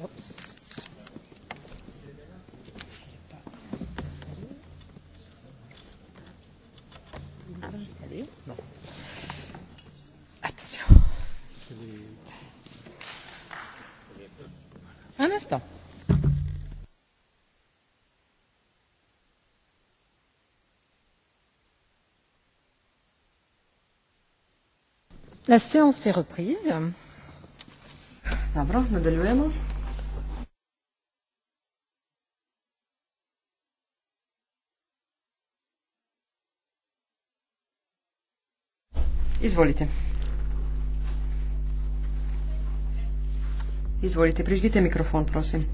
Oops. No. Ah, no La séance est reprise. Dobro, nadaljujemo. Izvolite. Izvolite, prižgite mikrofon, prosim.